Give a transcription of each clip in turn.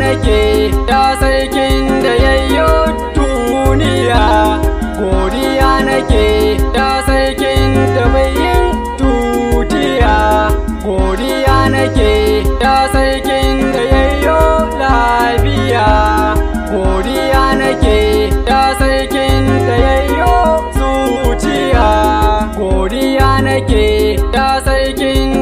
nake ta sarkin da yayyo duniya godiya nake da sarkin da mai tutiya godiya nake ta sarkin da yayyo lafiya godiya nake da sarkin da yayyo zuciya godiya nake da sarkin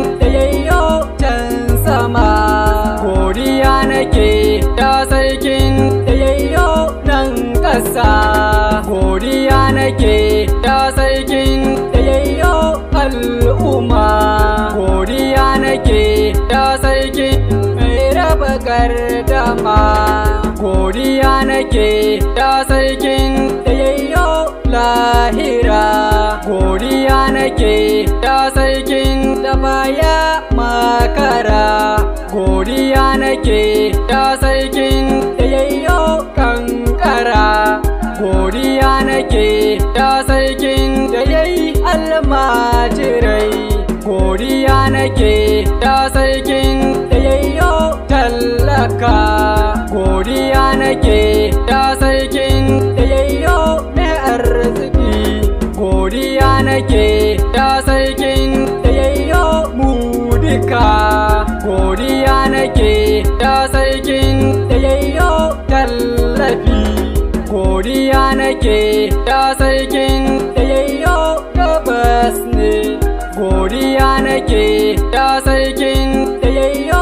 godiya nake ya sarkin tsayayyo al'umma godiya nake ya sarkin mai raba gardama godiya nake ya sarkin tsayayyo lahira godiya nake ta sarkin da baya makara godiya nake yake ya sarkin da yayi almajirai godiya nake ya sarkin da yayyo tallaka godiya nake ya sarkin da yayyo me arziki godiya nake sarkin yayyo gabas ne godiya nake ya sarkin yayyo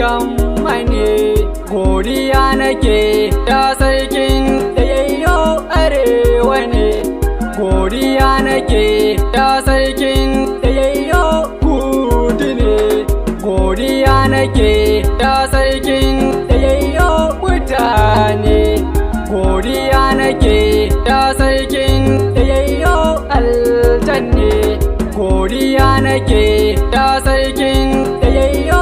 yamma ne godiya nake ya sarkin yayyo arewa ne godiya nake ya sarkin yayyo kudu ne godiya nake ya sarkin koriya nake ta sarkin ɗayayyo